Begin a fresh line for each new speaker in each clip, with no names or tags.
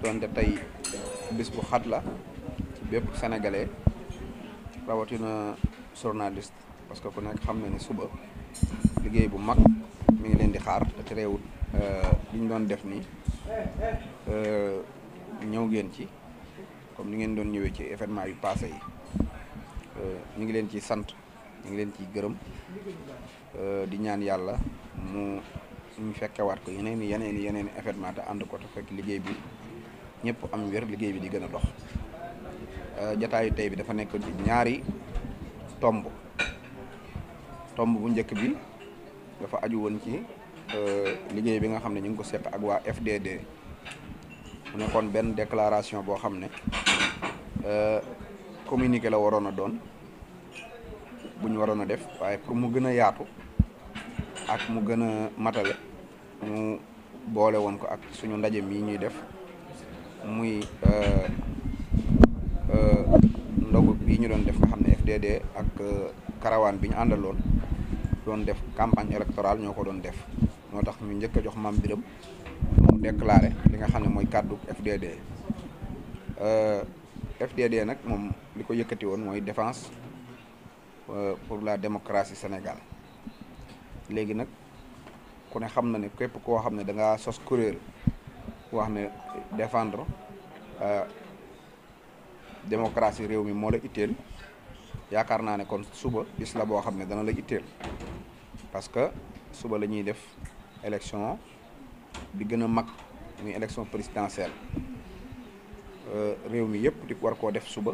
doonte tey bis bu xat la ci bépp sénégalais rawatina journaliste parce que ku nekk xam na ne suba liggéey bu mag mu ngi leen di xaar te tereewut euh, li ñu doon def nii euh, ñëw ngeen ci comme ni ngeen doon ñëwee ci événement yu passé yi euh, ñu ngi leen ci sant ñu ngi leen ciy gërëm di ñaan yàlla mu ñu fekkewaat ko yeneen i yeneen yeneen événement te ànd ko te fekk liggéey bi ñëpp am wér liggéey bi di gën a dox euh, jataayu tey bi dafa nekk ci ñaari tomb tomb bu njëkk bi dafa aju woon ci euh, liggéey bi nga xam ne ñu ngi ko set ak waa FDD mu nekkoon benn déclaration boo xam ne euh, communiqué la waroon a doon bu waroon a def waaye pour mu gën a yaatu ak mu gën a matale ñu boole woon ko ak suñu ndaje mii ñuy def muy euh, euh, ndogu bi ñu doon def nga xam ne FDD ak karawaan euh, bi ñu àndaloon doon def campagne électorale ñoo ko doon def moo tax ñu njëkk a jox mam Birame mu déclaré li nga xam ne mooy kàddu FDD FDD nag moom li ko yëkkati woon mooy défense pour la démocratie Sénégal léegi nag ku ne xam na ne képp koo xam ne da ngaa sos kuréel wax xam ne défendre euh, démocratie réew mi moo la itteel yaakaar naa ne kon suba bis la boo xam ne dana la itteel parce que suba la ñuy def élection bi gën a mag muy élection présidentielle euh, réew mi yëpp di war koo def suba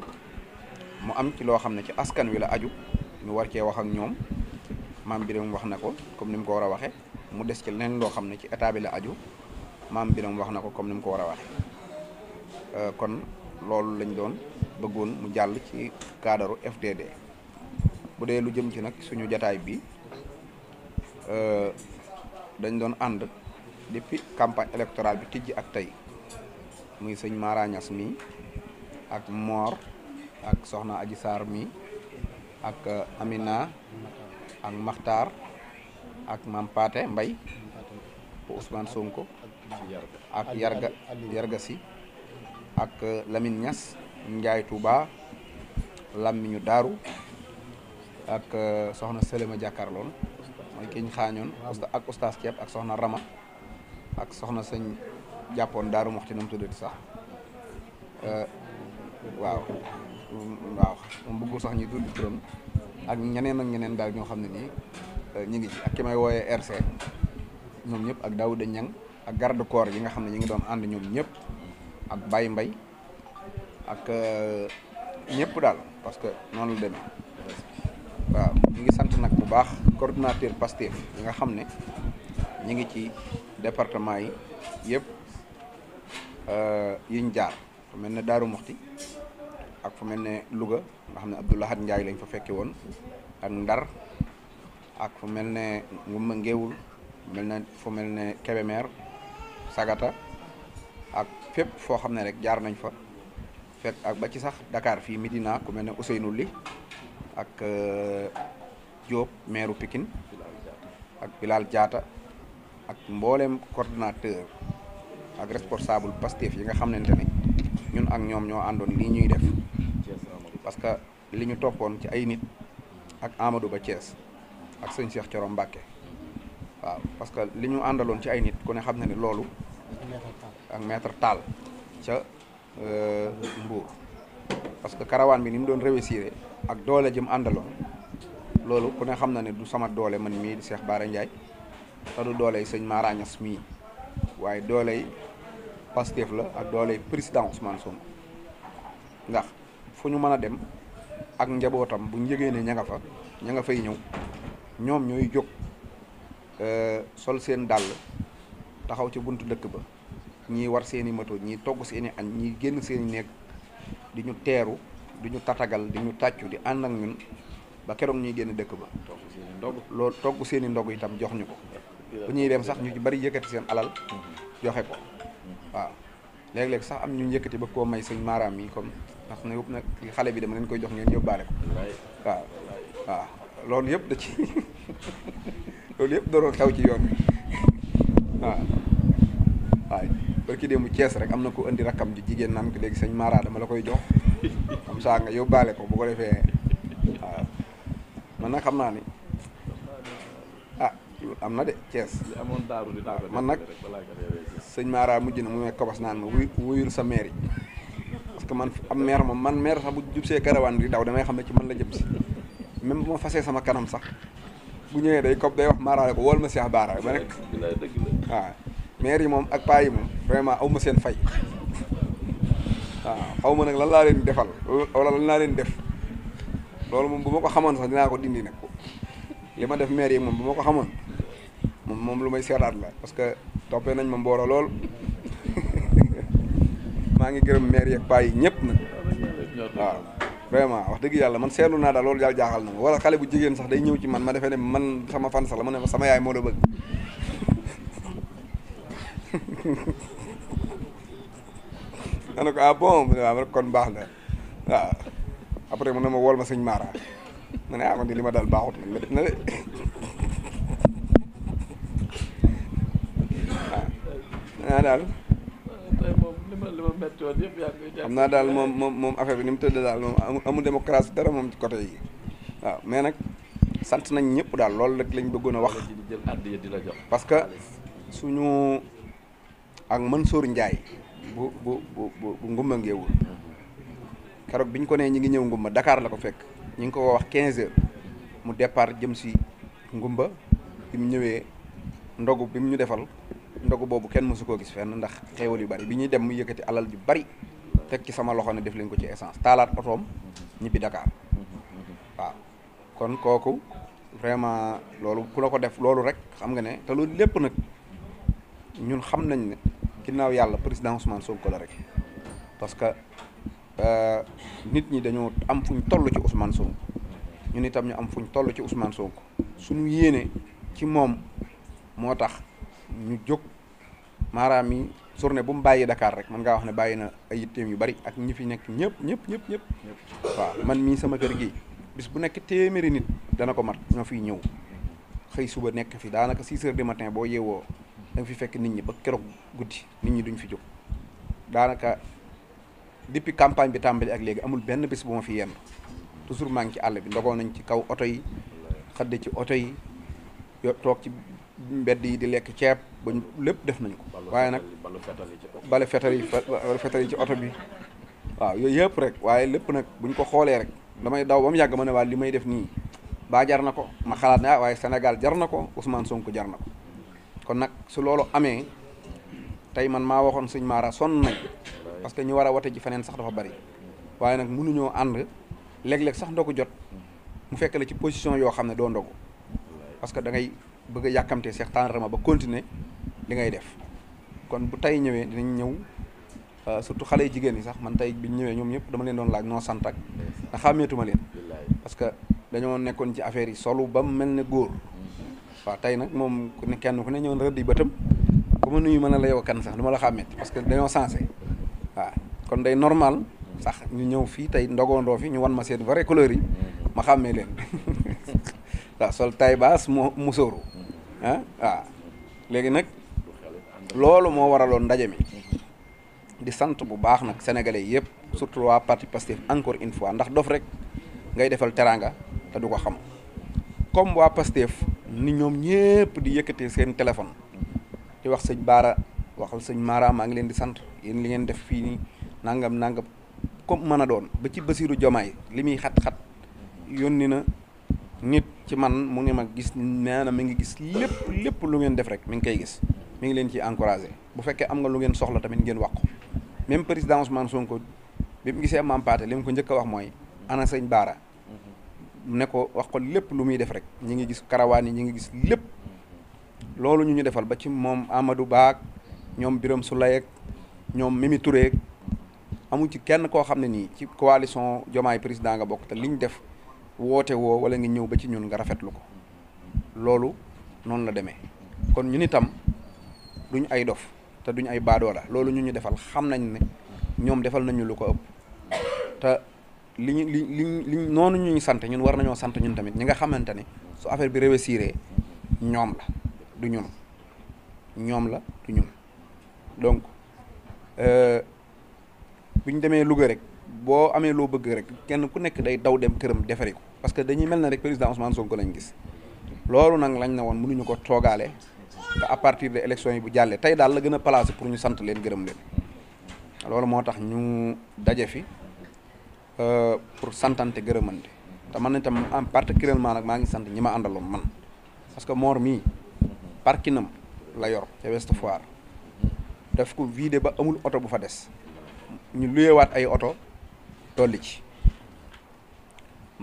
mu am ci loo xam ne ci askan wi la aju ñu war cee wax ak ñoom maam Birame wax na ko comme ni mu ko war a waxee mu des ci leneen loo xam ne ci état bi la aju. maam biram wax na ko comme ni mu ko war a waxee euh, kon loolu lañ doon bëggoon mu jàll ci kaadaru FDD bu dee lu jëm ci nag suñu jataay bi euh, dañ doon ànd depuis campagne électorale bi tijj ak tey muy sëñ Mara Niass mi ak Mor ak Soxna Aji mi ak Amina ak Makhtar ak Maam Paate Mbay Ousmane Sonko ak Yarga Yarga Sy ak Lamine Niass Ndiaye Touba Lammiñu Daaru ak euh, soxna Selema jàkkaarloon mooy kiñ ñu xaañoon ak oustaz Thiep ak soxna Rama ak soxna sëñ jàppoon Daaru Moxti nam tuddati sax euh, waaw waaw moom bëggul sax ñu tudd turam ak ñeneen ak ñeneen daal ñoo xam ne nii euh, ñu ngi ci ak ki may wooyee RC ñoom ñëpp ak Daouda Niang ak garde corps yi nga xam ne ñu ngi doon ànd ñoom ñëpp ak Baye mbay ak euh, ñëpp daal parce que noonu la demee waaw ñu ngi sant nag bu baax coordinateur Pastef yi nga xam ne ñu ngi ci département yi yëpp euh, yiñ jaar fu mel ne Daaru Muxti ak fu mel ne Louga nga xam ne Abdoulahat Ndiaye lañ fa fekke woon ak Ndar ak fu mel ne Ngumba Ngéewul mel na fo mel ne Kébémer Sagata ak fépp foo xam ne rek jaar nañ fa fekk ak ba ci sax Dakar fii Medina ku mel ne Ousseynou Ly ak euh, Diop maire Pikine ak Bilal jaata ak mboolem coordinateur ak responsable Pastef yi nga xam ne ni ñun ak ñoom ñoo àndoon lii ñuy def parce que li ñu toppoon ci ay nit ak Amadou Ba Thiès ak sëñ Cheikh Thioro Mbacké waaw parce que li ñu àndaloon ci ay nit ku ne xam na ne loolu ak maître taal ca euh, Mbour parce que karawaan bi ni mu doon réussir ak doole jëm àndaloon loolu ku ne xam na ne du sama doole man mii di Cheikh Bara Ndiaye te doole yi sëñ Mara Niass mii waaye doole yi Pastef la ak doole yi président Ousmane Sonko ndax fu ñu mën a dem ak njabootam bu ñu ne ña nga fa ña nga fay ñëw ñoom ñooy jóg Euh, sol seen dàll taxaw ci buntu dëkk ba ñii war seeni moto ñii togg seeni añ ñii génn seeni néeg di ñu teeru di ñu tatagal di ñu tàccu di ànd ak ñun ba keroog ñuy génn dëkk ba ndog loolu togg seeni ndog itam jox ñu ko bu ñuy dem sax ñu bari yëkkati seen alal joxe ko waaw léeg-léeg sax am ñu yëkkati ba koo may sëñ maaraam mi comme parce que yëpp nag xale bi dama leen koy jox ngeen yóbbaale ko waaw waaw loolu yëpp da ci loolu yëpp doon xew ci yoon wi waaw ah. waaye barki démb Cees rek am na ko indi rakkam di jigéen naan ko léegi sëñ Mara dama la koy jox comme ça nga yóbbaale ko bu ko defee waaw ah. man nag xam naa ni ah am na de Cees man nag sëñ Mara mujj na mu nekk kobas naa ma wuy wuyul sa maire yi parce que man am meer moom man maire sax bu jub see di daw damay xam ne ci man la jëm si même bu ma fasee sama kanam sax bu ñëwee day kopp day wax maaraale ko wool ma Cheikh Bara ba nekk waaw maire yi moom ak paa yi moom vraiment aw ma seen fay waaw xaw ma nag lan laa leen defal wala lan laa leen def loolu moom bu ma ko xamoon sax dinaa ko dindi nag li ma def maire yi moom bu ma ko xamoon moom moom lu may seetaat la parce que toppee nañ ma mbooro lool maa ngi gërëm maire yi ak paa yi ñëpp nag waaw vraiment wax dëgg yàlla man seetlu naa daal loolu daal jaaxal na ma wala xale bu jigéen sax day ñëw ci man ma defee ne man sama fan sax la ma ne ma sama yaay moo la bëgg ma ne ko ah ma wool ma ma ne ah man de li ma daal baaxut man ma def na ah, daal. li ma xam naa daal moom moom moom affaire bi ni mu tëdd daal moom amul démocratie dara moom ci côté yi waaw mais nag sant nañ ñëpp daal loolu rek lañ bëggoon a wax parce que suñu ak Mansour Ndiaye bu bu bu bu ngumba ngeewul mm-hmm. keroog bi ñu ko nee ñi ngi ñëw ngumba dakaar la ko fekk ñi ngi ko wax 15 heures mu départ jëm si ngumba bi mu ñëwee ndogu bi mu ñu defal ndogu boobu kenn mësu koo gis fenn ndax xéewal yu bari bi ñuy dem mu yëkkati alal ju bari teg ci sama loxo ne def lañ ko ci essence taalaat otoom ñibbi Dakar waaw kon kooku vraiment loolu ku la ko def loolu rek xam nga ne te loolu lépp nag ñun xam nañ ne ginnaaw yàlla président Ousmane Sonko la rek parce que euh, nit ñi dañoo am fuñ toll ci Ousmane Sonko ñun itam ñu am fuñ toll ci Ousmane Sonko suñu yéene ci moom moo tax ñu jóg maaraam yi journée bu mu bàyyi Dakar rek mën ngaa wax ne bàyyi na ay yitteem yu bari ak ñi fi nekk ñëpp ñëpp ñëpp ñëpp waaw man mii sama kër gi bis bu nekk téeméeri nit dana ko mat ñoo fiy ñëw xëy suba nekk fi daanaka 6 heures du matin boo yeewoo da fi fekk nit ñi ba keroog guddi nit ñi duñ fi jóg daanaka depuis campagne bi tàmbali ak léegi amul benn bis bu ma fi yenn toujours maa ngi ci àll bi ndogoo nañ ci kaw oto yi xadde ci oto yi yo toog ci mbedd yi di lekk ceeb ba lépp def nañu ko waaye nag bale fetal yi bale fetal ci oto bi waaw yooyu yëpp rek waaye lépp nag bu ñu ko xoolee rek damay daw ba mu yàgg ma ne waa li may def nii baa jar na ko ma xalaat ne ah, waaye Sénégal jar na ko Ousmane Sonko jar na ko kon nag su loolu amee tey man maa waxoon sëñ Mara sonn nañ parce que ñu war a wate ji feneen sax dafa bari waaye nag mënuñoo ànd léeg-léeg sax ndogu jot mu fekk la ci position yoo xam ne doo ndogu bëgg a yàkkamtee seex ma ba continuer li ngay def kon bu tey ñëwee dinañ ñëw euh, surtout xale yu jigéen ñi sax man tey bi ñëwee ñoom ñëpp dama leen doon laaj noo sant ak xàmmeetuma leen parce que dañoo nekkoon ci affaire yi solu ba mu mel ne góor waa tey nag moom ku kenn ku ne ñëwoon rëdd yi bëtam ku ma nuyu mën a la yow kan sax du ma la xàmmeet parce que dañoo sensé waaw kon day normal sax ñu ñëw fii tey ndogondoo fii ñu wan ma seen vrai couleur ma xàmmee leen sol taille basse mu ah waaw ah. léegi nag loolu moo waraloon ndaje mi di sant bu baax nag sénégalais yëpp surtout waa parti Pastef encore une fois ndax dof rek ngay defal teraanga te du ko xam comme waa Pastef ni ñoom ñëpp di yëkkatee seen téléphone di wax sëñ Baara waxal sëñ maaraam maa ngi leen di sant yéen li ngeen def fii nii nangam nangam comme mën a doon ba ci Basiru Jomaay li muy xat-xat yónni na. nit ci man mu ne ma gis nee na mi ngi gis lépp lépp lu ngeen def rek mi ngi koy gis mi ngi leen ci encouragé bu fekkee am nga lu ngeen soxla tamit ngeen wax ko même président Ousmane Sonko bi mu gisee Mame Pathé li mu ko njëkk a wax mooy ana sëñ Baara ne ko wax ko lépp lu muy def rek ñi ngi gis karawaan yi ñi ngi gis lépp loolu ñu ñu defal ba ci moom Amadou baag ñoom biram Souleye ak ñoom mi Touré amu ci kenn koo xam ne nii ci coalition Diomaye président nga bokk te liñ def woote woo wala nga ñëw ba ci ñun nga rafetlu ko loolu noonu la demee kon ñun itam ñu ay dof te duñ ay baadoola loolu ñu ñu defal xam nañ ne ñoom defal nañu lu ko ëpp te li ñu li li li noonu ñu ñu sant ñun war nañoo sant ñun tamit ñi nga xamante ne su affaire bi réussiree ñoom la du ñun ñoom la du ñun donc euh, bu ñu demee Louga rek boo amee loo bëgg rek kenn ku nekk day daw dem këram defari ko parce que dañuy mel na rek président Ousmane Sonko lañ gis loolu nag lañ ne woon mënuñu ko toogaale te à partir de élection yi bu jàllee tey daal la gën a placé pour ñu sant leen gërëm leen loolu moo tax ñu daje fi euh, pour santante gërëmante te man itam en particulièrement nag maa ngi sant ñi ma àndaloon man parce que moor mii parkinam la yor ca West Foire daf ko vidé ba amul oto bu fa des ñu waat ay oto dolli ci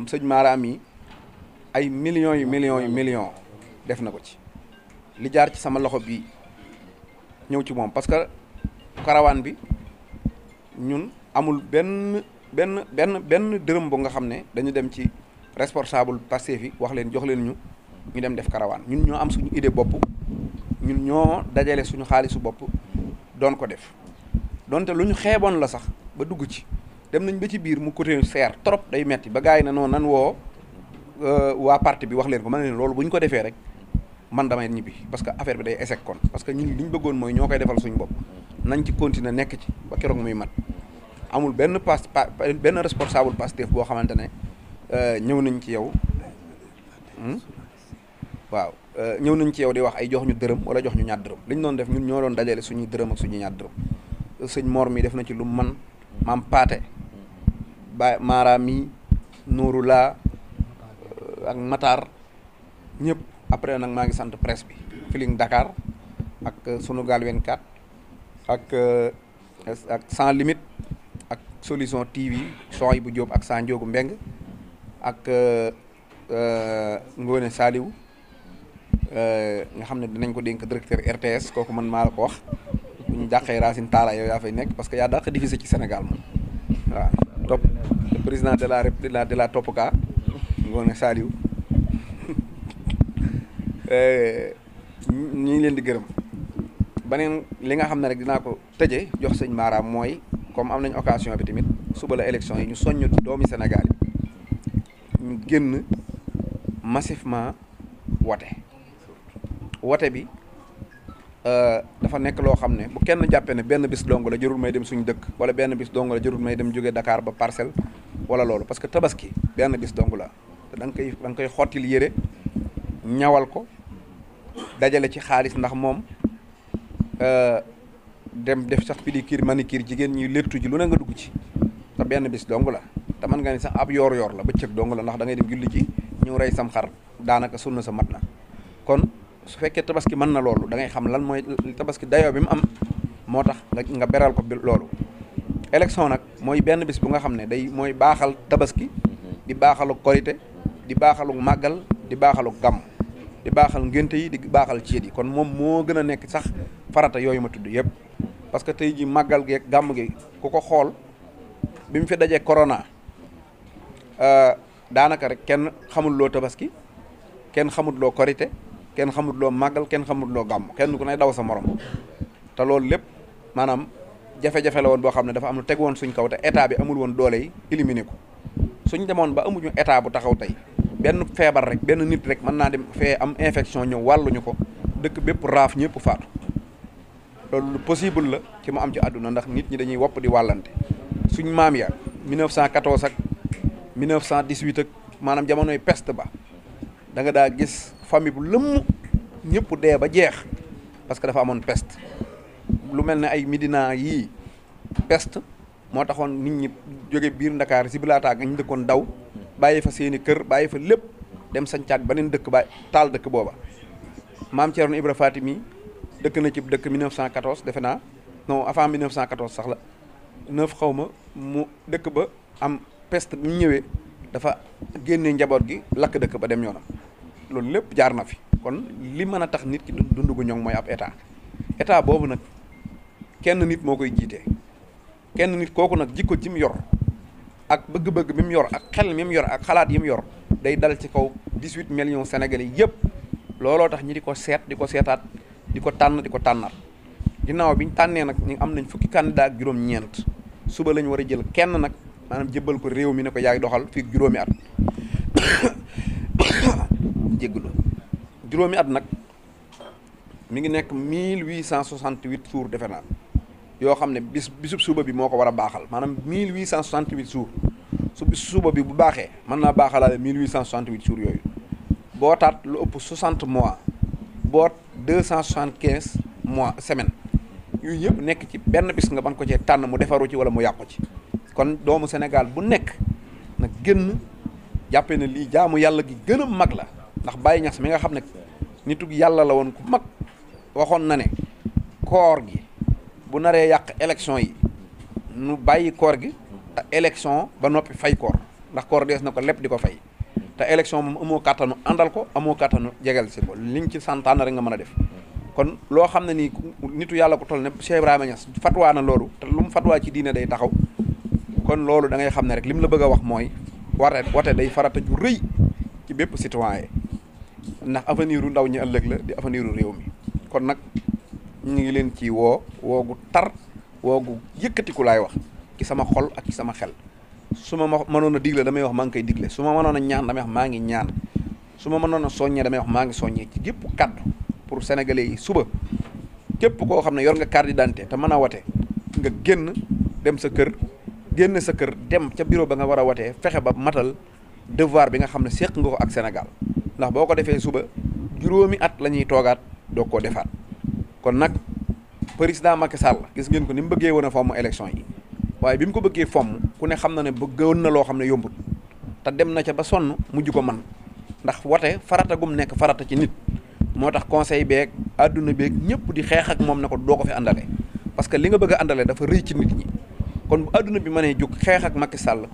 sëñ Mara mi ay millions yu millions yu millions def na ko ci li jaar ci sama loxo bi ñëw ci moom parce que karawaan bi ñun amul benn benn benn benn dërëm bu nga xam ne dañu dem ci responsable Pastef yi wax leen jox leen ñu ñu dem def karawaan ñun ñoo am suñu idée bopp ñun ñoo dajale suñu xaalisu bopp doon ko def donte lu ñu xeeboon la sax ba dugg ci dem nañ ba ci biir mu coté seer trop day metti ba gars yi na noonu nan woo euh, waa parti bi wax leen ko man leen loolu bu ñu ko defee rek man damay ñibbi parce que affaire bi day échec kon parce que ñun li ñu bëggoon mooy ñoo koy defal suñu bopp nañ ci continuer nekk ci ba keroog muy mat amul benn pas benn responsable Pastef boo xamante ne euh, ñëw nañ ci yow hmm? waaw euh, ñëw nañ ci yow di wax ay jox ñu dërëm wala jox ñu ñaar dërëm li doon def ñun ñoo doon dajale suñuy dërëm ak suñuy ñaar sëñ Mor mi def na ci lu man maam ba Mara mi Nourou euh, ak Matar ñëpp après nag maa ngi sant presse bi Feeling dakaar ak euh, Sunugal 24 ak euh, ak Sans ak Solution TV sooy bu Diop ak Sa Ndiogou Mbeng ak Ngone Saliou nga xam ne dinañ ko dénk directeur RTS kooku man maa la ko wax bu ñu dàqee Racine Talla yow yaa fay nekk parce que yaa dàq diffusé ci Sénégal moom waaw topp président de la rep de la de la Topka Ngoné Saliou eh, ñu ngi leen di gërëm beneen li nga xam ne rek dinaa ko tëjee jox sëñ Mara mooy comme am nañ occasion bi tamit suba la élection yi ñu soññ doomi Sénégal yi ñu génn massivement wote wote bi. Euh, dafa nekk loo xam ne bu kenn jàppee ne benn bis dong la jërul may dem suñu dëkk wala benn bis dong la jërul may dem jógee Dakar ba parcelle wala loolu parce que tabaski benn bis dong la te da koy da koy xottil yére ñawal ko dajale ci xaalis ndax moom euh, dem def sax pédicure manicure jigéen ñi léttu ji lu ne nga dugg ci benn bis dong la te mën nga ni sax ab yoor-yoor la bëccëg dong la ndax da ngay dem julli ji ñëw rey sam xar daanaka sunna sa mat na. su fekkee tabaski mën na loolu da ngay xam lan mooy tabaski dayo bi mu am moo tax nga beral ko bi loolu élection nag mooy benn bis bu nga xam ne day mooy baaxal tabaski di baaxalu korite di baaxalu màggal di baaxalu gàmm di baaxal ngénte yi di baaxal ciit yi kon moom moo gën a nekk sax farata yooyu ma tudd yëpp parce que tey ji màggal geeg gàmm gi ku ko xool bi mu fi dajee corona euh, daanaka rek kenn xamul loo tabaski kenn xamul loo korite kenn xamut loo màggal kenn xamut loo gàmm kenn ku ne daw sa morom te loolu lépp maanaam jafe-jafe la woon boo xam ne dafa am lu teg woon suñ kaw te état bi amul woon doole yi éliminer ko suñ demoon ba amuñu état bu taxaw tey benn feebar rek benn nit rek mën naa dem fee am infection ñëw wàlluñu ko dëkk bépp raaf ñëpp faatu loolu possible la ci mu am ci àdduna ndax nit ñi dañuy wopp di wàllante suñ maam ya 1914 ak 1918 ak maanaam jamonoy peste ba da nga daa gis famille bu lëmm ñëpp dee ba jeex parce que dafa amoon pest lu mel ne ay Médina yii peste moo taxoon nit ñi jóge biir Ndakaar si bilaataa nga ñu dëkkoon daw bàyyi fa seeni kër bàyyi fa lépp dem sañcaat beneen dëkk ba taal dëkk booba maam Thierno Ibra Fatimi dëkk na cib dëkk 1914 defe naa non avant 1914 sax la neuf xaw ma mu dëkk ba am pest bi mu ñëwee dafa génnee njaboot gi lakk dëkk ba dem yoonam loolu lépp jaar na fi kon li mën a tax nit ki dund gu ñoom mooy ab état état boobu nag kenn nit moo koy jiite kenn nit kooku nag jikko ji mu yor ak bëgg-bëgg bi mu yor ak xel mi mu yor ak xalaat yi mu yor day dal ci kaw dix-huit senegal sénégalais yëpp looloo tax ñi di ko seet di ko seetaat di ko tànn di ko tànnar ginnaaw bi ñu tànnee nag ñu am nañ fukki candidat ak juróom-ñeent suba la ñu war a jël kenn nag maanaam jëbbal ko réew mi ne ko yaay doxal fii juróomi at jégglu juróomi at nag mu ngi nekk 1868 jours defe naa yoo xam ne bis bisub suba bi moo ko war a baaxal maanaam 1868 jours su bis suba bi bu baaxee mën naa baaxalaale 1868 jours yooyu boo taat lu ëpp 60 mois boo 275 mois semaine yooyu yëpp nekk ci benn bis nga ban ko cee tànn mu defaru ci wala mu yàqu ci kon doomu Sénégal bu nekk nag génn jàppee ne lii jaamu yàlla gi gën mag la ndax bàyyi ñax si mi nga xam ne nitug yàlla la woon ku mag waxoon na ne koor gi bu naree yàq élection yi nu bàyyi koor gi te élection ba noppi fay koor ndax koor dees na ko lépp di ko fay te élection moom amoo kàttanu àndal ko amoo kàttanu jegal si ko liñ ci santaan rek nga mën a def kon loo xam ne nii nitu yàlla ko toll ne Cheikh Ibrahima Niass fatwaa na loolu te lu mu fatwaa ci diine day taxaw kon loolu da ngay xam ne rek li la bëgg wax mooy wate wate day farata ju rëy ci bépp citoyen ndax avenir u ndaw ñi ëllëg la di avenir réew mi kon nag ñu ngi leen ci woo woo gu tar woo gu ku laay wax ci sama xol ak ci sama xel su ma mënoon a digle damay wax maa ngi koy digle su ma mënoon a ñaan damay wax maa ngi ñaan su ma mënoon a soññee damay wax maa ngi soññee ci gépp kàddu pour sénégalais yi suba képp koo xam ne yor nga carte d'identité te mën a wate nga génn dem sa kër génn sa kër dem ca bureau ba nga war a watee fexe ba matal devoir bi xam ne séq nga ak Sénégal ndax boo ko defee suba juróomi at la ñuy toogaat doog koo defaat kon nag président Macky Sall gis ngeen ko ni mu bëggee woon a fomm élection yi waaye bi mu ko bëggee fomm ku ne xam na ne bëggoon na loo xam ne yombut te dem na ca ba sonn mujj ko man ndax wate farata gum nekk farata ci nit moo tax conseil beeg àdduna beeg ñëpp di xeex ak moom ne ko doo ko fi àndale parce que li nga bëgg a àndale dafa rëy ci nit ñi kon bu adduna bi mënee jóg xeex ak Macky Sall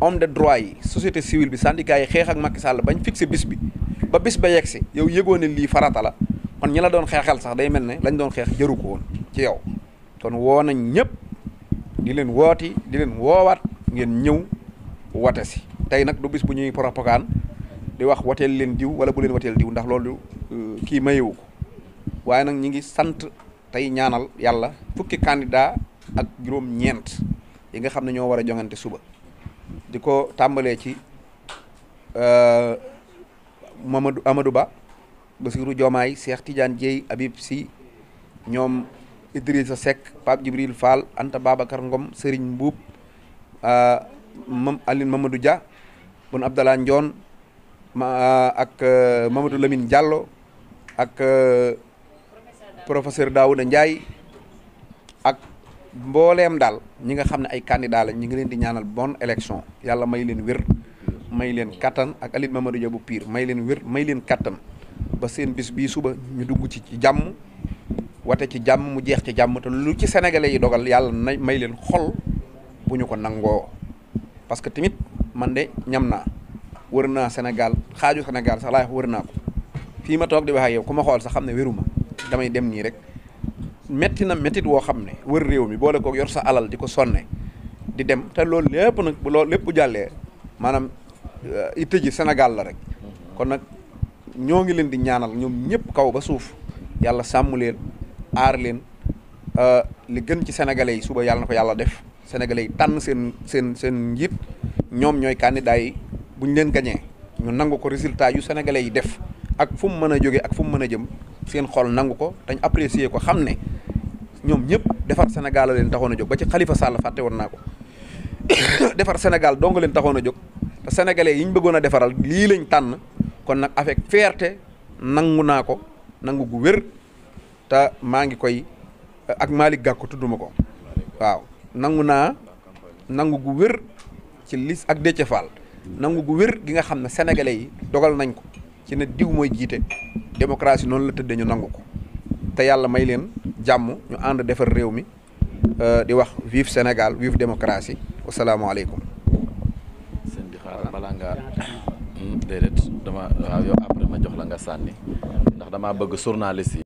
homme de droit yi société civile bi syndicat yi xeex ak Macky Sall bañ fixé bis bi ba bis ba yegg si yow yëgoo ne lii farata la kon ñi la doon xeexal sax day mel ne lañ doon xeex jëru ko woon ci yow kon woo nañ ñëpp di leen wooti di leen woowaat ngeen ñëw wote si tey nag du bis bu ñuy propagande di wax wateel leen diw wala bu leen woteel diw ndax loolu euh, kii mayewu ko waaye nag ñi ngi sant tey ñaanal yàlla fukki candidat ak juróom-ñeent yi nga xam ne ñoo war a joŋante suba. di ko tàmbalee ci euh, Mamadou Amadou Ba Bassirou Diomaye Cheikh Tidiane Dieye Habib Sy ñoom Idrissa Seck Pape Djibril Fall Anta Babacar Ngom Serigne Mbuub euh, mam Aline Mamadou Dia Boun Abdallah Ndione ma euh, ak Mamadou Lamine Diallo ak professeur Daouda Ndiaye mbooleem daal ñi nga xam ne ay candidat la ñi ngi leen di ñaanal bon élection yàlla may leen wér may leen kàttan ak Aliou Mamadou Dia bu Pire may leen wér may leen kàttan ba seen bis bii suba ñu dugg ci ci jàmm wate ci jàmm mu jeex ci jàmm te lu ci sénégalais yi dogal yàlla na may leen xol bu ñu ko nangoo parce que tamit man de ñam naa wër naa Sénégal xaaju Sénégal sax laay wër naa ko fii ma toog di wax ku ma xool sax xam ne wéruma damay dem nii rek metti na méttit woo xam ne wër réew mi boole ko yor sa alal di ko sonne di dem te loolu lépp nag bu loolu lépp bu jàllee maanaam euh, itte ji senegal la rek kon nag ñoo ngi leen di ñaanal ñoom ñëpp kaw ba suuf yàlla sàmm leen aar leen euh, li gën ci sénégalais yi suba yàlla na ko yàlla def sénégalais yi tànn seen seen seen njiit ñoom ñooy candidat yi bu ñu leen gañee ñu nangu ko résultat yu sénégalais yi def ak fu mu mën a jóge ak fu mu mën a jëm seen xool nangu ko dañ apprécier ko xam ne ñoom ñëpp defar Sénégal la leen taxoon a jóg ba ci xalifa Sall fàtte woon naa ko defar Sénégal dong leen taxoon a jóg te sénégalais yi ñu bëggoon a defaral lii lañ tànn kon nag avec fierté nangu naa ko nangu gu wér te maa ngi koy ak Malick Gakou tudduma ko waaw nangu naa nangu gu wér ci lis ak Déthié Fall nangu gu wér gi nga xam ne sénégalais yi dogal nañ ko. ci ne diw mooy jiite démocratie noonu la tëddee ñu nangu ko te yàlla may leen jàmm ñu ànd defar réew mi euh, di wax vive Sénégal vive démocratie wasalaamaaleykum. sëñ bi xaaral hmm, dama waaw après ma jox nga sànni ndax damaa bëgg journaliste yi.